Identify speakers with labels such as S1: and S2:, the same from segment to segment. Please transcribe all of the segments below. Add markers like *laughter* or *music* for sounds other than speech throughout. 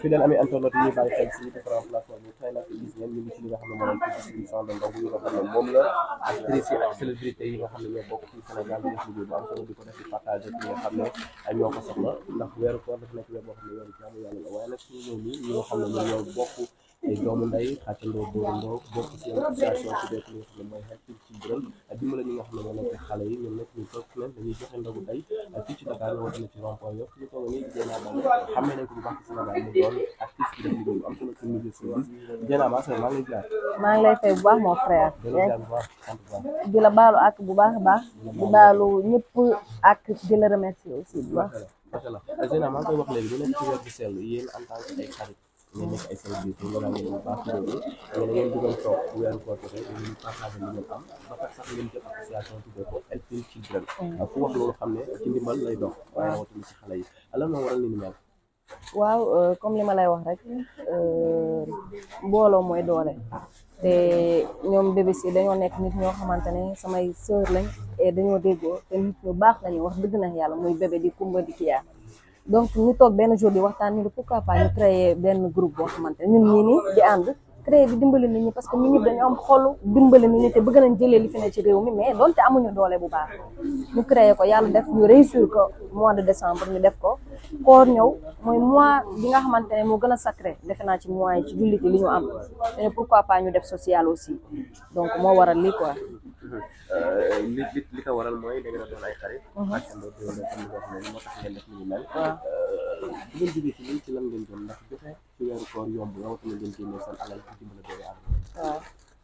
S1: fi leen amee internet yi ñuy bàyyi xel si différentes plateformes yi tey nag gis ngeen ne moom la distribution de ndogu xam ne moom la actrices yi ak célébrité yi nga xam ne ñoo bokk ci Sénégal di def liggéey bu am solo di ko def di partagé ci nga xam ne ñoo ko soxla ndax weeru koor dafa nekk weer boo xam ne yàlla la waaye nag suñu ñëw nii ñi xam ne ñoo bokk ay doomu nday xàccandoo dóorandoo bokk ci association ci def li nga xam ne mooy xeex ci bërëm dimbale ñi nga xam ne ñoo nekk xale yi ñoom nekk ñu toog ci dañuy joxe ndogu day ah, fii ci Dakar woote na ci rond-point yëpp ñu tooga nii Dieynaba Baldé xam ne nañ ko bu baax ci Sénégal mu doon artiste def liggéey bu am solo ci milieu showbiz Dieynaba maa ngi baax bu baax a baax ak
S2: di la aussi
S1: bu baax ngeen def ay services yu mm. wax loolu xam ne ci ndimbal lay dox waaye rawatina
S2: waaw euh, comme li ma lay wax rek euh, mbooloo mooy doole te ñoom bébés yi dañoo nekk nit ñoo xamante ne samay sœur lañ dañoo déggoo te nit ñu baax lañu wax dëgg nañ yàlla muy bébé di kumba di kiyaa donc ñu toog benn jour di waxtaan ñu ne pourquoi pas ñu créer benn groupe boo xamante ne ñun ñii nii di ànd créer bi dimbali nit ñi parce que nit ñi dañu am xolu dimbali nit ñi te bëgg nañ jëlee li fi ne ci réew mi mais donte amuñu doole bu baax ñu créer ko yàlla def ñu réussir ko mois de décembre ñu def ko koor ñëw mooy mois bi nga xamante moo gën a sacré defe naa ci mois yi ci jullit li ñu am te pourquoi pas ñu def social aussi donc moo waral lii quoi
S1: li li li ko waral mooy da ngeen a doon ay xarit. Uh-huh. ak seen bopp yoo xam ne boo xam ne moo tax ngeen def li ñu mel. bu uh, ngeen jógee ci lii ci lan ngeen doon ndax joxe ci weeru koor waaw bu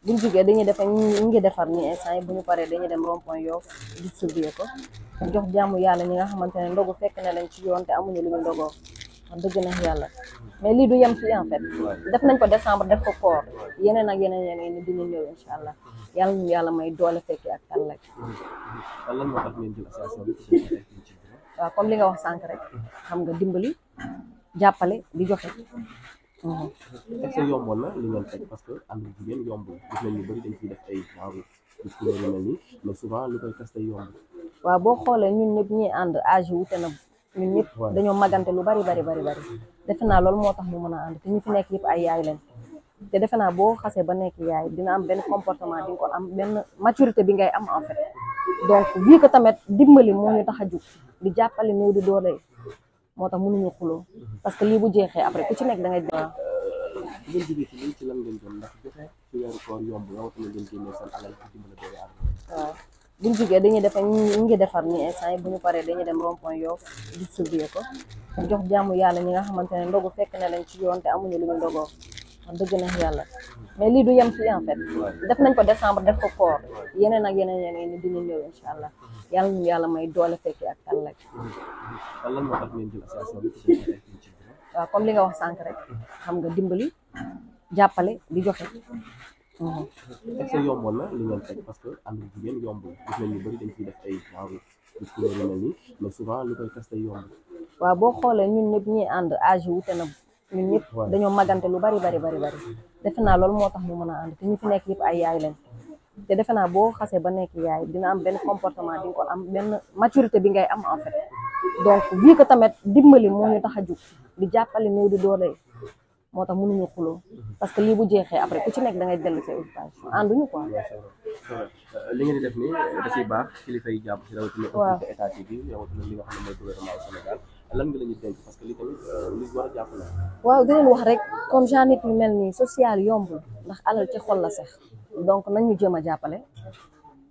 S2: ñu jógee dañuy defar ñu ngi defar ñu instant yi bu ñu paree dañuy dem rond point jox jàmm yàlla ñi nga xamante ne ndogu fekk na leen ci yoon te amuñu lu ñu ndogoo. dëgg na yàlla mais lii du yem fii en fait def nañ ko décembre def ko koor yeneen ak yeneen yeneen ni dina ñëw incha allah yàlla ñu yàlla may doole fekk ak àll ak waaw comme li nga wax sànq rek xam nga dimbali jàppale di joxe
S1: mhm. est-ce que yomboon na li ngeen teg parce que ànd jigéen yomb gis nañ ñu bëri dañ ciy def ay lu koy tas
S2: waaw boo xoolee ñun ñëpp ñuy ànd âge wute na ñun ñëpp dañoo magante lu bari bari bari bari defe naa loolu moo tax ñu mën a am te ñu fi nekk yëpp ay yaay leen te defe naa boo xasee ba nekk yaay dina am benn comportement di nga am benn maturité bi ngay am en fait donc bii ko tamit dimbali moo ñu tax a jug di jàppale néew di doole moo tax mënuñu xuloo parce que lii bu jeexee après ku ci nekk da ngay. ngeen
S1: jógee ci lii ci lan ngeen doon
S2: ndax buñ jugee dañuy defar ñu ngi defar ni instant yi bu ñu paree dañuy dem rond point Yoff distribuer ko jox jaamu yàlla ñi nga xamante ne ndogu fekk na leen ci yoon te amuñu lu ñu ndogoo wax dëgg na yàlla mais lii du yem fii en fait def nañ ko décembre def ko koor yeneen ak yeneen yeneen ni dina ñëw incha allah yàlla ñu yàlla may doole fekki ak tal rek waaw comme li nga wax sànq rek xam nga dimbali jàppale di joxe Mmh. est-ce que
S1: yomboon na parce que ànd jigéen yombul gis nañ ñu souvent lu koy tas tey yomb
S2: waaw boo xoolee ñun ñëpp ñi ànd âge yu wute na ñun ñëpp dañoo magante lu bari bari bari bari defe naa loolu moo tax ñu mën a ànd te ñu fi nekk yëpp ay yaay lañ te defe naa boo xasee ba nekk yaay dina am benn comportement di nga ko am benn maturité bi ngay am en fait donc vu que tamit dimbali moo ñu tax a jug di jàppale néew di doole moo tax mënuñu xuloo parce que lii bu jeexee après ku ci nekk da ngay dellu sa éducation ànduñu
S1: quoi.
S3: Euh,
S1: li baax kilifa yi jàpp ci rawatina. waaw état
S2: euh, wax rek comme genre nit yu mel nii social yombul ndax alal ci xol la sax donc nañ ñu jéem a jàppale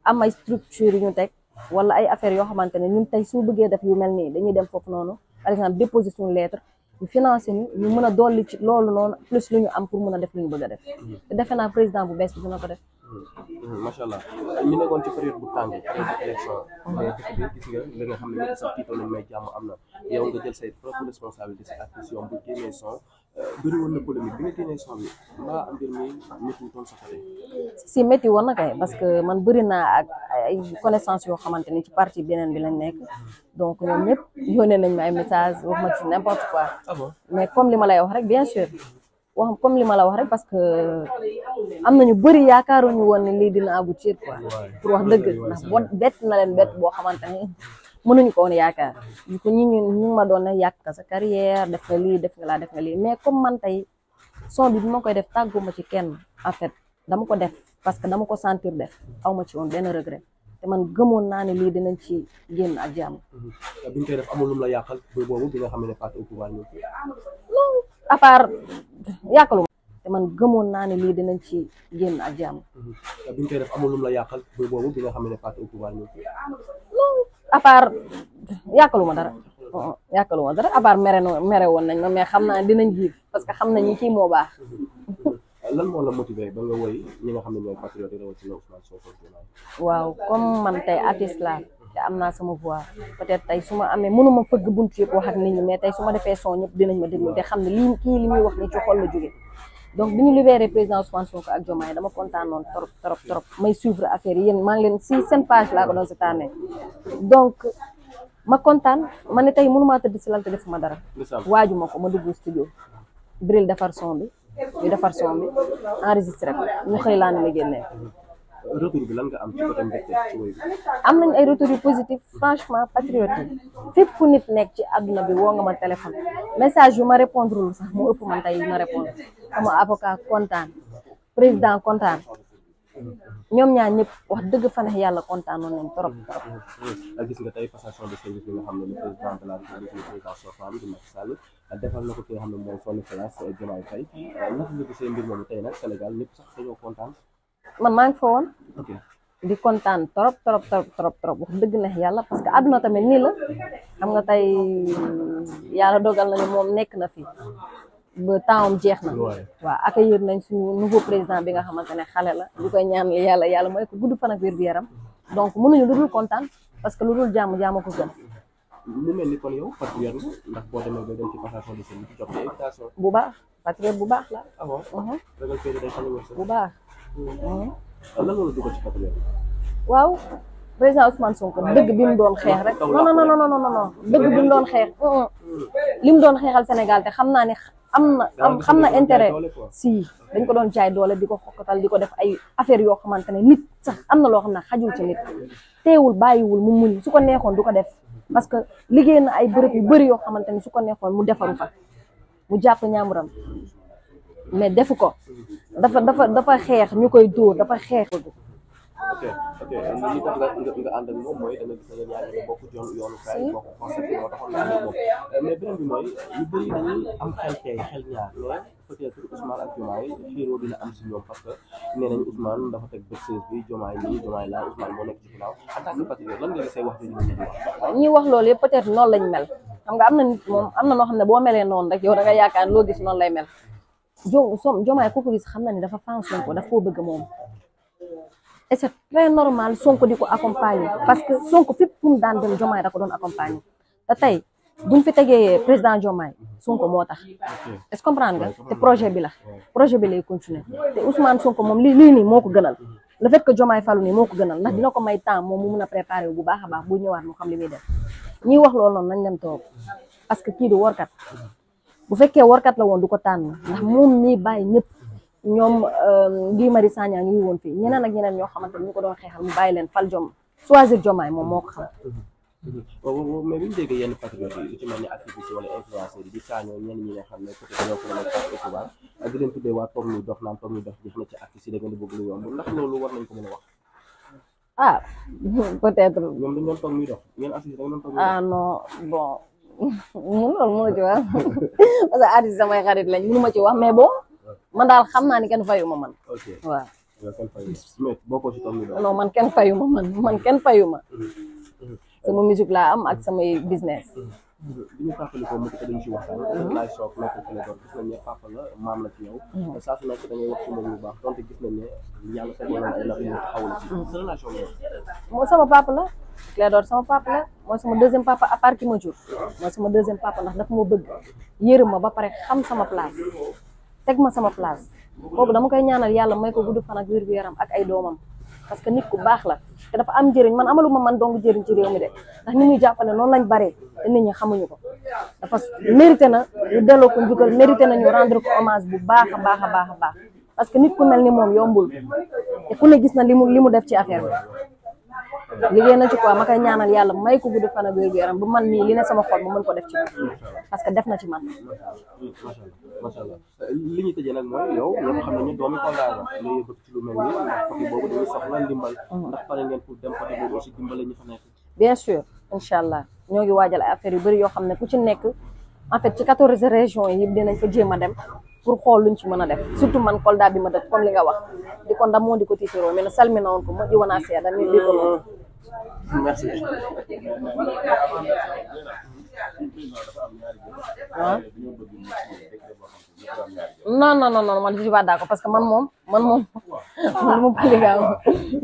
S2: am ay structure yu ñu teg wala ay affaires yoo xamante ne ñun tey su bëggee def yu mel nii dañuy dem foofu noonu par exemple déposer suñu lettre. ñu financé ñu ñu mën a dolli ci loolu noonu plus lu ñu am pour mën a def lu ñu bëgg a def te mm-hmm. defe naa président bu bees bu dina ko def mm-hmm.
S1: mm-hmm. macha allah ñu nekkoon ci période bu tàngee élection mais li nga xam ne ñëpp sax tiitoon nañ may jàmm am na yow nga jël say propre responsabilité sa action bu génnee son
S2: si métti woon na kay parce que man bëri naa ak ay connaissance yoo xamante ni ci parti beneen bi lañ nekk donc ñoom ñëpp yónnee nañ ma ay message wax ma ci n'importe quoi. Ah mais comme li ma lay wax rek bien sûr. wax comme li ma la wax parce que am nañu bëri yaakaaruñu woon ne lii dina aboutir quoi. pour wax dëgg ndax bett na leen bett boo xamante ni. mënuñu ko woon yaakaar ko ñi ñu ñu ma doon na yàq sa carrière def nga lii def nga laa def nga lii mais comme man tey son bi bi ma koy def tàgguma ci kenn en fait dama ko def parce que dama ko sentir def aw ma ci woon benn regret te man gëmoon naa ne lii dinañ ci génn ak jàmm.
S1: Mm-hmm. bi ñu koy def amul lum la yàqal boobu bi nga xam ne parti au pouvoir non
S2: à part yàqalu te man gëmoon naa ne lii dinañ ci génn ak jàmm.
S1: Mm-hmm. bi ñu koy def amul lum la yàqal boobu bi nga xam ne parti au
S2: à part ma dara yàkkaluma dara à part mere mere woon nañ ma mais xam naa dinañ jiif parce que xam nañu kii moo baax. *laughs*
S1: lan moo la motiver ba nga woy ñi nga xam ne ñooy patriote rawatina Ousmane Sonko
S2: waaw comme man tey artiste laa te am naa sama voix peut-être tey su ma amee mënuma fëgg bunt yëpp wax ak nit ñi mais tey su ma defee son ñëpp dinañ ma déglu te xam ne lii kii li muy wax ni ci xol la jóge donc bi ñu libéré président Ousmane Sonko ak Diomaye dama kontaanoon trop trop trop may suivre affaire yi yéen maa ngi leen si seen page laa ko doon seetaanee donc ma kontaan ma ne tey mënumaa tëdd si lal te defuma dara. waaju ma ko ma dugg studio Bril defar son bi ñu defar son bi enregistré ko ñu xëy laa ne la génnee
S1: retour bi lan nga am ci côté mbégte ci
S2: woy bi am nañ ay retours yu positif franchement patriotique fépp fu nit nekk ci àdduna bi woo nga ma téléphone message yu ma répondre lu sax mu ëpp man tey yu ma répondre kontaan président kontaan ñoom ñaan ñëpp wax dëgg fa yàlla kontaan nañ trop trop.
S1: Ah, gis nga tey passation de service nga xam ne le président de la République le président sortant di Macky Sall ah, defal na ko ki xam ne mooy son excellence Diomaye Faye naka ah, nga gisee mbir moomu tey nag Sénégal ñëpp sax dañoo kontaan.
S2: man maa ngi fa woon di kontaan trop trop trop trop trop wax dëgg neex yàlla parce que àdduna tamit nii la xam nga tey yàlla dogal na ne moom nekk na fi ba tempsam jeex na waaw accueillir nañ suñu nouveau président bi nga xamante ne xale la di koy ñaan yàlla yàlla mooy ko gudd fan ak wér gu yaram donc mënuñu lu dul kontaan parce que lu dul jàmm jàmm ko gën
S1: mu mel ni kon yow patriote nga ndax boo demee ba dem bu
S2: baax patriote bu baax la. Ah
S1: mhm. bu baax. Mhm. Mhm. Ah,
S2: waaw président Ousmane Sonko ah, dëgg bi mu doon xeex rek. non non non non non dëgg bi mu xeex. li mu doon xeexal Sénégal te xam naa ne am na am xam si dañ ko doon jaay doole di ko xokkatal di ko def ay affaire yoo xamante ne nit sax am na loo xam ne xajul ci nit teewul bàyyiwul mu muñ su ko neexoon du ko def. parce que liggéey na ay bërëb yu bëri yoo xamante ni su ko neexoon mu defaru fa mu jàpp ñaamuram mais defu ko dafa dafa dafa xeex ñu koy dóor dafa xeex.
S1: lii tax nga moom mooy da nga gis ne yaa ngi euh, am xel tey xel ñaar mais peut-être Ousmane ak Diomaye am si ñoom parce que nee nañu Ousmane dafa teg bët bi Diomaye nii Diomaye laa Ousmane moo wax ñu wax.
S2: ñuy wax loolu yëpp noonu lañ mel xam nga am na moom am na noo xam ne boo melee noonu rek yow da nga yaakaar loo gis noonu lay mel jo som Diomaye ku ko gis xam na ni dafa fànn Sonko daf koo bëgg moom et c'est très normal Sonko di ko accompagner parce que Sonko fépp fu mu daan dem Diomaye da ko doon accompagner te tey buñ fi tegee président Diomaye Sonko moo tax est-ce comprendre nga te projet bi la projet bi lay continuer te Ousmane Sonko moom lii lii nii moo ko gënal le fait que Diomaye falu nii moo ko gënal ndax dina ko may temps moom mu mun a préparer bu baax a baax bu ñëwaat mu xam li muy na ñiy wax loolu noonu parce que kii du workat bu fekkee workat la woon du ko tànn ñoom euh, Guy Marius Sagna ñu ngi woon fii ñeneen ak ñeneen ñoo xamante ni ñu ko doon xeexal mu bàyyi leen fal jom choisir jomaay moom moo ko xam.
S1: waaw mais bi ñu déggee yenn patriotes yi lu ci mel ni activiste wala influenceurs yi di saañoo ñenn ñi nga xam ko mën a fàtte tubaab ak di leen tuddee waa toog ñu dox naan na ci artiste yi da ngeen di bëgg lu yomb war nañ
S2: ko mën a wax. ah, *laughs* ah *laughs* ci wax *laughs* que artiste samay xarit lañ mënu ma ci wax mais bon. man daal xam naa ni kenn fayu ma man.
S1: ok waaw. non
S2: man kenn fayu ma man man kenn fayu ma. Mm-hmm. Mm-hmm. sama musique laa am ak samay business. Mm-hmm.
S1: ñu fàttalikoo mu ko dañ ci waxtaan laay soog nekk Clédor gis nañ ne papa la maam la ci yow saa baax donte gis nañ ne yàlla sa yoon ay nag ñu taxawal ci sa relation
S2: mooy sama papa la Clédor sama papa la mooy sama deuxième papa à ma jur mooy sama deuxième papa ndax daf ma bëgg yërëm ma ba pare xam sama place teg ma sama place kooku dama koy ñaanal yàlla may ko gudd fan ak wér gu yaram ak ay doomam parce que nit ku baax la te dafa am njëriñ man amalu ma man dong jëriñ ci réew mi de ndax ni muy jàppale noonu lañ baree te nit ñi xamuñu ko dafa mérité na ñu delloo ko njukkal mérité na ñu rendre ko hommage bu baax a baax a baax baax parce que nit ku mel ni moom yombul te ku ne gis na li mu li mu def ci affaire bi liggéey na ci quoi ma koy ñaanal yàlla may ko gudd fan ak wér gu yaram bu man mii li ne sama xol ma mën ko def ci man parce que def ci man. macha
S1: allah li ñu tëjee nag mooy yow ñoo xam ne ñoo yëngatu mm. nekk.
S2: bien sûr waajal ay affaires yu yoo xam ne ku ci nekk en ci quatorze régions yi dinañ fa jéem a dem. pour xool luñ ci mën a def surtout man Kolda bi ma def comme li nga wax di ko ndamoo di ko tiitaroo mais salminawoon ko moƴƴi wonaa seeɗa min ɗiɗo merci. non non non man je suis pas d'accord parce que man moom man moom man moom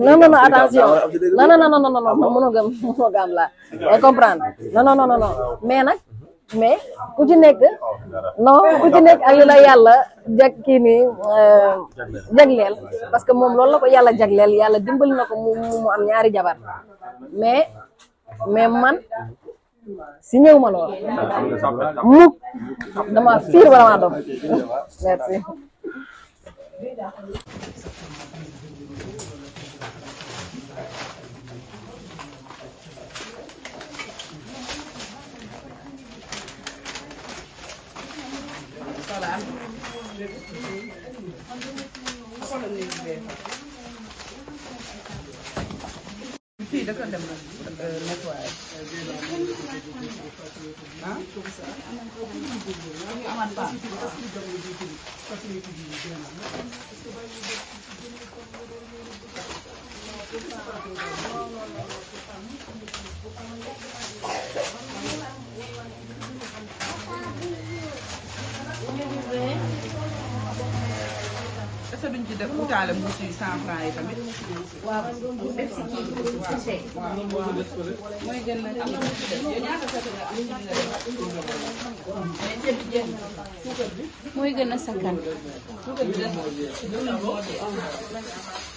S2: non non non attention non non non non non non mënoo gëm mënoo gëm laa comprendre non non non non mais mais ku ci nekk non ku ci nekk ak li la yàlla jag kii nii euh, parce que moom loolu la ko yàlla jagleel yàlla dimbali na ko mu mu am ñaari jabar mais mais man
S1: si ñëw ma lool mukk
S2: dama fiir wala maa dof merci
S4: Voilà. fii da ko dem euh, nettoyer. ah. amaat baax.
S1: Thank you.
S3: est ce que duñ ci def utaale mbuus yu cent franc yi tamit. waaw def si kii bi. waaw mooy gën nag am na lu ci def yow ñaata sa nga am na mais ceeb bi jeex na suukar bi. mooy gën a sakkan. suukar bi des na.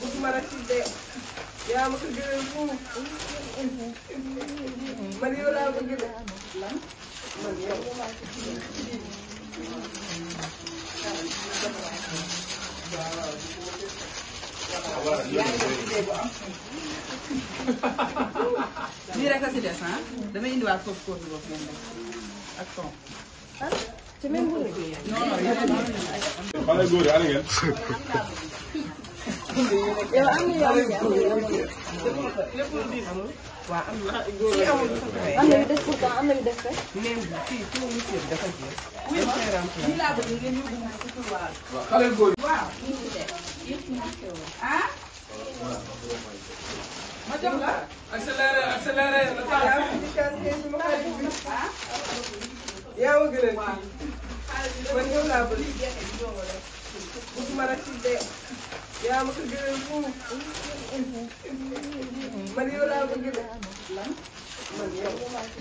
S4: musuma la tibbee
S3: yaa ma ko gënal fuuf man yow laa bëgg de man yow. lii rek a si des ah. damay indiwaat foofu kóor bi boobu moom ak son.
S2: ah. non
S5: non.
S3: *laughs* yow am na yow
S4: am na yu des pourtant am na yu des rek. mais fii suñu monsieur dafa jeex. oui
S3: xale góor yi. waaw. ah. ma jox la.
S4: accéléré accéléré. yow a gën a kii. man yow laa bëri.
S3: lii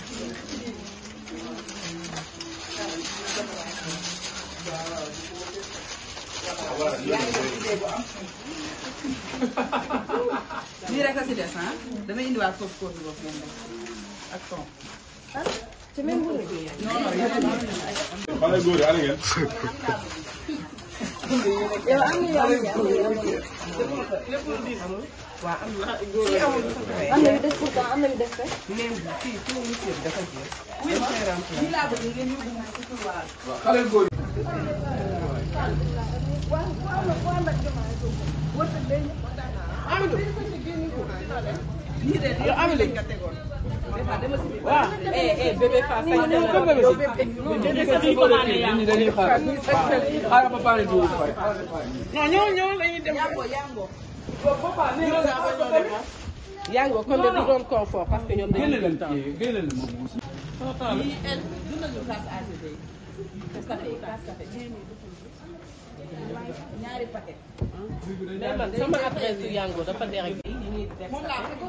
S3: rek la si des ah. damay indiwaat foofu kóob bi boobu moom ak son.
S4: ah ci même bu non non yeneen yi.
S5: xale góor yi *laughs* yow am na yow am na yow
S4: waaw am na kii amul am na yu des pour am na yu des rek. nee na kii kii monsieur dafa jeex. oui ñu laa
S3: bëgg ngeen yóbbu ma ci tur waaw. waaw xale góor yi. Amidou yow Amidou waaw. bébé Fa sañ la ñun dañuy xaar xaaral ba pare jiwu pare. non ñoo ñoo lañuy dem. yango kon de du doon confort parce que ñoom dañuy. génne leen moom. ñaari paquet. mais man sama adresse yu yàngoo dafa dee rek. moom laa ko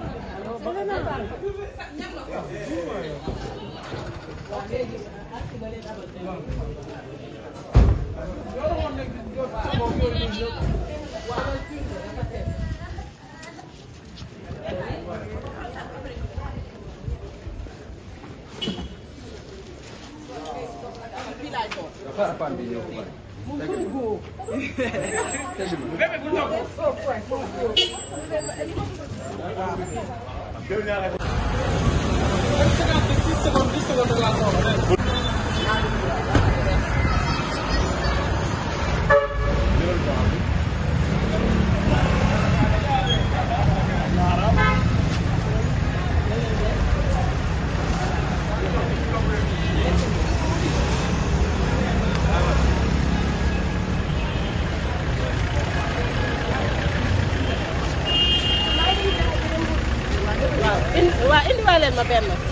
S2: Dafa apandi ñëw bu ma benn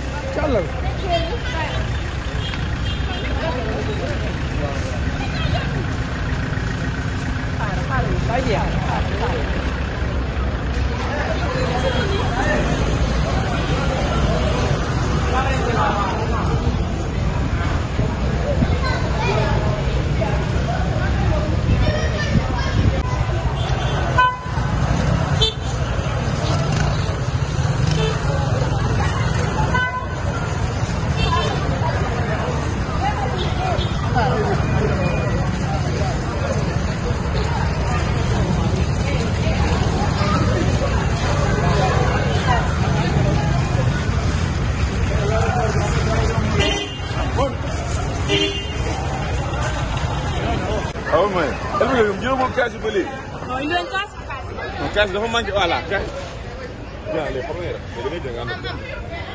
S5: kaas dafa manqué voilà kaas. waaw léegi xam nga yéen a ngi dégg am na.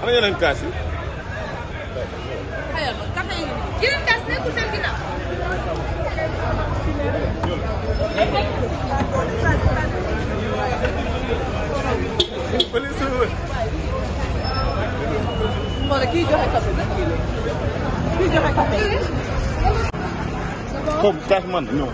S5: am na yeneen kaas yi.
S3: aywa kaas nañu ko. yeneen kaas nekkul seen ginnaaw.
S4: Mawla kii joxe café nag kii joxe café.
S5: foofu kaas man non.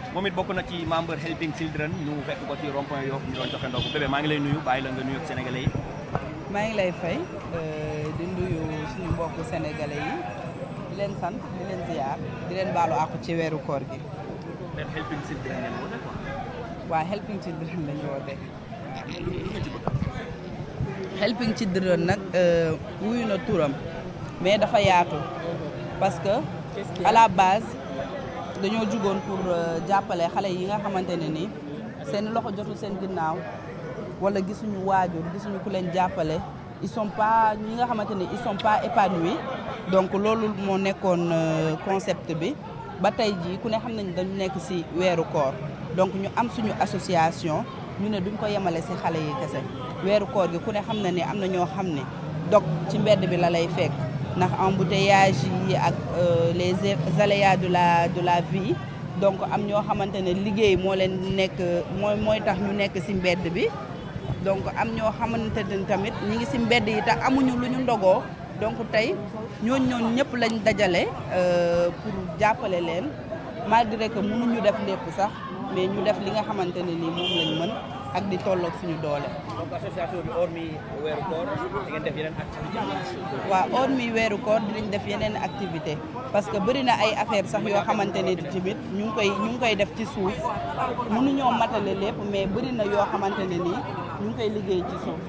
S5: moom it bokk na ci membre Helping Children ñu fekk ko ci rond point Yoff ñu doon joxe ndogu bébé maa ngi lay nuyu bàyyi la nga nuyu ak yi.
S3: maa ngi lay fay euh, di nuyu suñu bokk sénégalais yi di leen sant di leen ziar di leen baalu ci weeru koor gi. même Helping Children ngeen woote quoi. waaw Helping Children ci bëgg. Helping Children nag euh, wuyu na turam mais dafa yaatu parce que à la dañoo jugoon pour euh, jàppale xale yi nga xamante ne nii seen loxo jotul seen ginnaaw wala gisuñu waajur gisuñu ku leen jàppale ils sont pas ñi nga xamante ne ils sont pas épanouis donc loolu moo nekkoon euh, concept bi ba tey jii ku ne xam nañ dañu nekk si weeru koor donc ñu am suñu association ñu ne duñ ko yemale si xale yi kese weeru koor gi ku ne xam na ni am na ñoo xam ni dog ci mbedd bi la lay fekk ndax embouteillage yi ak euh, les aléas de la de la vie donc am ñoo xamante ne liggéey moo leen nekk mooy mooy tax ñu nekk si mbedd bi donc am ñoo xamante ne tamit ñi ngi ci mbedd yi tax amuñu lu ñu ndogoo donc tey ñooñ ñooñ ñëpp lañ dajale euh, pour jàppale leen malgré que mënuñu def lépp sax mais ñu def li nga xamante ne nii moom lañ mën ak di tolloog suñu doole.
S5: donc association bi weeru koor di def yeneen activité
S3: waaw hormis activité parce que bëri na ay affaire sax yoo xamante ne tamit ñu ngi koy ñu ngi koy def ci suuf mënuñoo matale lépp mais bëri na yoo xamante ne nii ñu ngi koy liggéey ci suuf.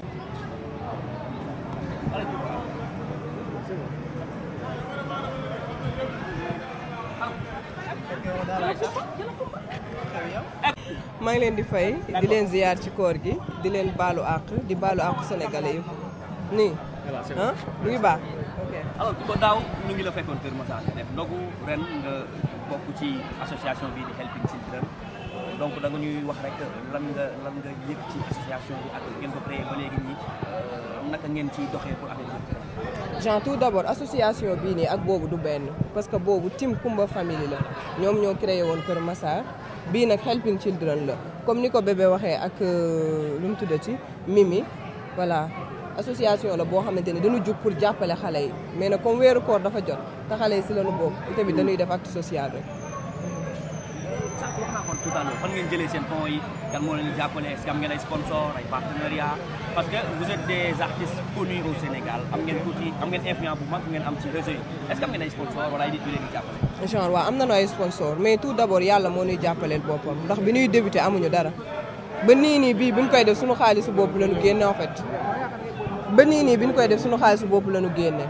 S4: maa ngi leen di fay di leen ziyaar ci koor gi di leen baalu àq di baalu àq sénégalais yëpp nii ah lu ngi baax
S5: ok alors daaw ñu ngi la fekkoon Kër Massar def ren nga bokk ci association bi di Helping Children donc da nga ñuy wax rek lan nga lan nga yëg ci association bi ak ngeen ko créé ba léegi nii euh, naka ngeen ciy doxee pour affaire
S4: Jean tout d'abord association bii nii ak boobu du benn parce que boobu Tim Kumba famille la ñoom ñoo créé woon Kër Massar bii nag helping children la comme ni ko bébé waxee ak euh, lu mu tudda ci Mimi voilà association la boo xamante ni dañu jug pour jàppale xale yi mais nag comme weeru koor dafa jot te xale yi si lañu bokk itamit dañuy def acte social rek.
S2: sànq
S5: wax naa ko jëlee seen fonds yi kan moo leen jàppale est-ce que am ngeen am ngeen tuuti am bu mag ngeen am ci réseau yi est-ce
S4: genre waaw am na ay sponsor mais tout d'abord yàlla moo ñuy jàppaleel boppam ndax bi ñuy débuté amuñu dara ba nii nii bii bi ñu koy def suñu xaalisu bopp la ñu génne en fait ba nii nii bi nu koy def suñu xaalisu bopp la ñu génne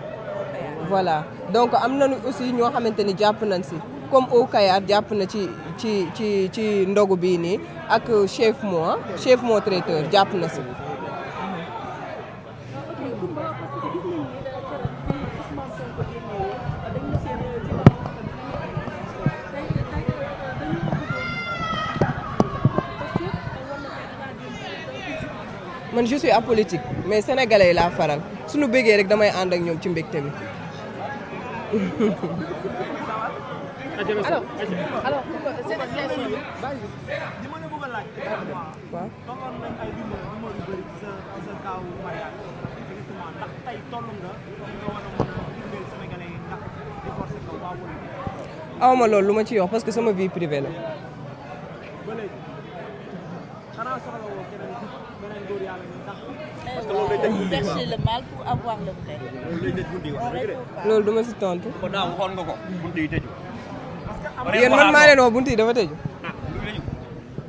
S4: voilà donc am na nu aussi ñoo xamante ni jàpp nañ si comme au Kayar jàpp na ci ci ci ci ndogu bii nii ak chef moi chef moi traiteur jàpp na si man je suis apolitique mais sénégalais yi laa faral suñu bëggee rek damay ànd ak ñoom ci mbégte bi.
S5: alors alors
S4: awma loolu ma ci wax parce que sama vie privée la.
S3: chercher le mal pour
S4: loolu duma si tontu. kon daaw waxoon ko buntu yi tëju.
S2: yéen man maa leen
S4: wax buntu yi dafa tëju. Ah,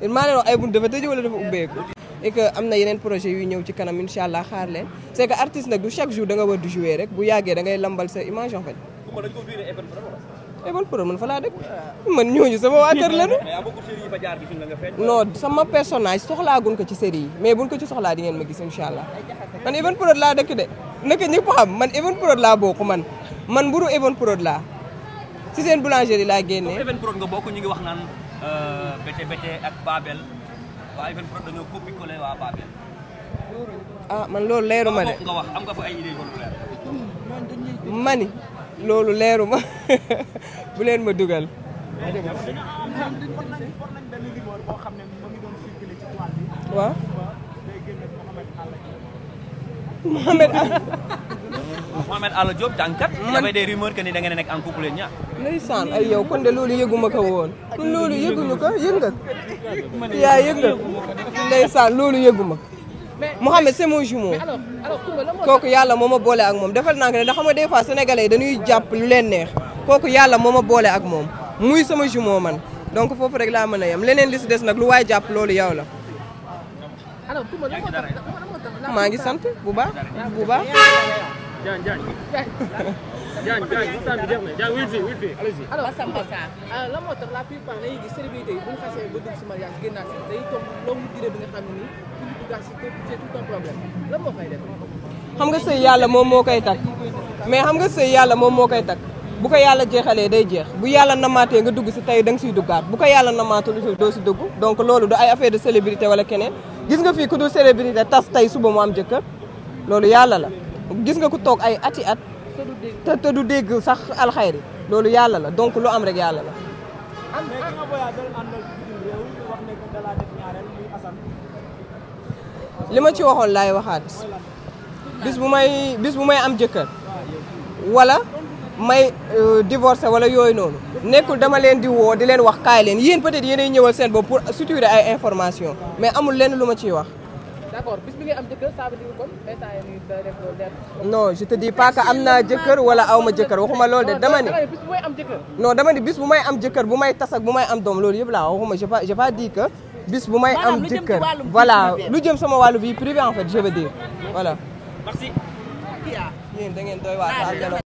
S4: yéen maa ay buntu dafa tëju wala dafa ubbeeku. et que am na yeneen projet yu ñëw ci kanam incha allah xaar leen c' est nag du chaque jour da nga war di jouer rek bu yàggee da ngay lambal sa image en fait. Ebel Pro man fa laa dëkk man ñooñu sama waa kër lañu.
S5: non sama personnage
S4: soxlaagun ko ci série yi mais buñ ko ci soxlaa di ngeen ma gis incha allah man Ebel Pro laa dëkk de naka ñëpp xam man Ebel Pro laa bokk man man mburu Ebel Pro laa si seen yi laa génnee. Ebel
S5: Pro nga bokk ñu ngi wax naan euh, bété bété ak Babel waa Ebel Pro dañoo
S4: ah man loolu leeru ma de.
S5: nga ay idée
S4: mani loolu leeru ma *laughs* bu leen ma dugal.
S1: waaw. Mohamed
S5: Alla. *laughs* Mohamed Alla Diop jàngkat. man dafay des rumeurs que nekk en couple
S4: ay yow kon loolu yëguma ko woon. kon loolu yëguñu ko yëg nga. *laughs* yaa yëg nga ndeysaan loolu yëguma
S2: Mouhamed c'est mon jumeau kooku yàlla moom ma boole ak moom defal
S4: naa ko ne da xam nga des fois sénégalais dañuy jàpp lu leen neex kooku yàlla moom a boole ak moom muy sama jumeau man donc foofu rek laa man a yem leneen li si des nag lu waay jàpp loolu yow la
S3: maa ngi sant
S1: bu baax bu baax jaan jaan jaan jaan instant bi na l'université
S4: xam nga sëy yàlla moom moo koy takk mais xam nga sëy yàlla moom moo koy takk bu ko yàlla jeexalee day jeex bu yàlla namaatee nga dugg si tey da nga siy duggaat bu ko yàlla namaatul doo si dugg donc loolu du ay affaire de célébrité wala keneen gis nga fii ku dul célébrité tas tey suba mu am jëkkër loolu yàlla la gis nga ko toog ay ati at te du dégg sax alxayri loolu yàlla la donc lu am rek yàlla la li ma ci waxoon laay waxaat bis bu may bis bu may am jëkkër wala may euh, divorcé wala yooyu noonu nekkul dama leen di woo di leen wax kaay leen yéen peut-être yéenay ñëwal seen bopp pour structurer ay information mais amul leen lu ma ciy wax.
S2: d'accord bis bi nga am jëkkër ça veut dire
S4: je te dis pas que am naa jëkkër wala aw ma jëkkër waxuma loolu de dama ne.
S2: bis bu may am jëkkër.
S4: non dama ne bis bu may am jëkkër bu may tas ak bu may am doom loolu yëpp laa waxuma j'ai pas j'ai pas bis bu may am jëkkër voilà lu jëm sama wàllu vie privée en fait je veux dire voilà
S1: merci yéen da ngeen